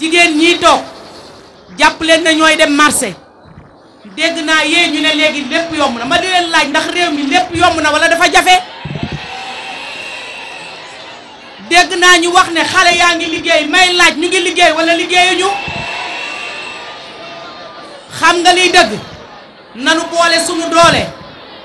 jigéen ñiy toog jàpp leen na ñooy dem marché dégg naa yéen ñu ne léegi lépp yomb na ma di laaj ndax réew mi lépp yomb na walla dafa jafe dégg naa ñu wax ne xale yaa ngi liggéey may laaj ñu ngi liggéey walla liggéeyuñu xam nga liy dëgg nanu boole sunu doole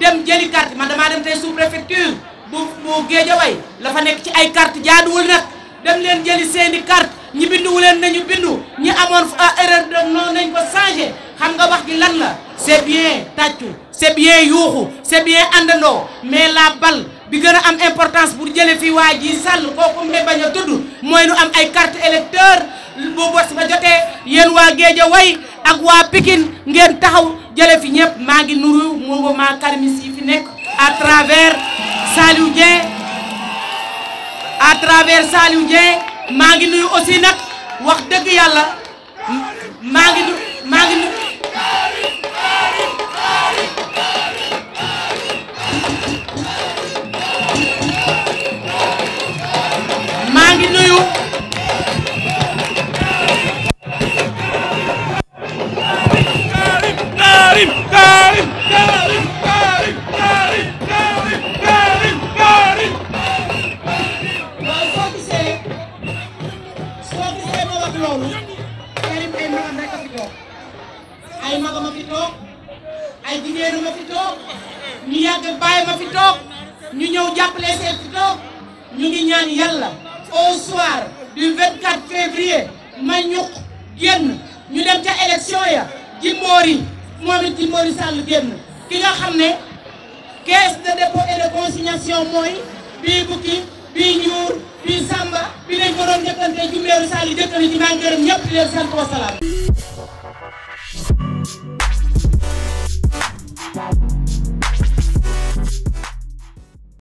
dem jëli carte man damaa dem tey sous préfecture bu bu Guédiawaye la fa nekk ci ay carte jaaduwul nag dem leen jëli seeni carte ñi binduwu leen nañu bindu ñi amoon ah, erreur de noonu nañ ko changé xam nga wax gi lan la c'est bien tàccu c'est bien yuuxu c'est bien àndandoo mais la balle bi gën a am importance pour jële fi waa ji sàll kooku may bañ a tudd mooy nu am ay carte électeur bu bos ba jotee yéen waa Guédiawaye ak waa Pikine ngeen taxaw jële fi ñëpp maa ngi nuru mungo maa karimis yi fi nekk à travers Saliou Dieng à travers Saliou maa ngi nuyu aussi nag wax dëgg yàlla maa ngi nu maa ngi nuyu loolu Karim ay magam rek a fi ay magam a fi toog ay jigéenam ma fi tok ñu yag baye ma fi tok ñu ñëw jappalé sen fi tok ñu ngi ñaan yalla au soir du 24 février ma ñuq genn ñu dem ci élection ya Jimbori moom it Jimbori Sall génn ki nga xamné caisse de dépôt et de consignation moy bi bukki bi ñuur bi samba bi lañ ko doon njëkkante naa li dëkk bi ñu ngi gërëm ñëpp di leen sant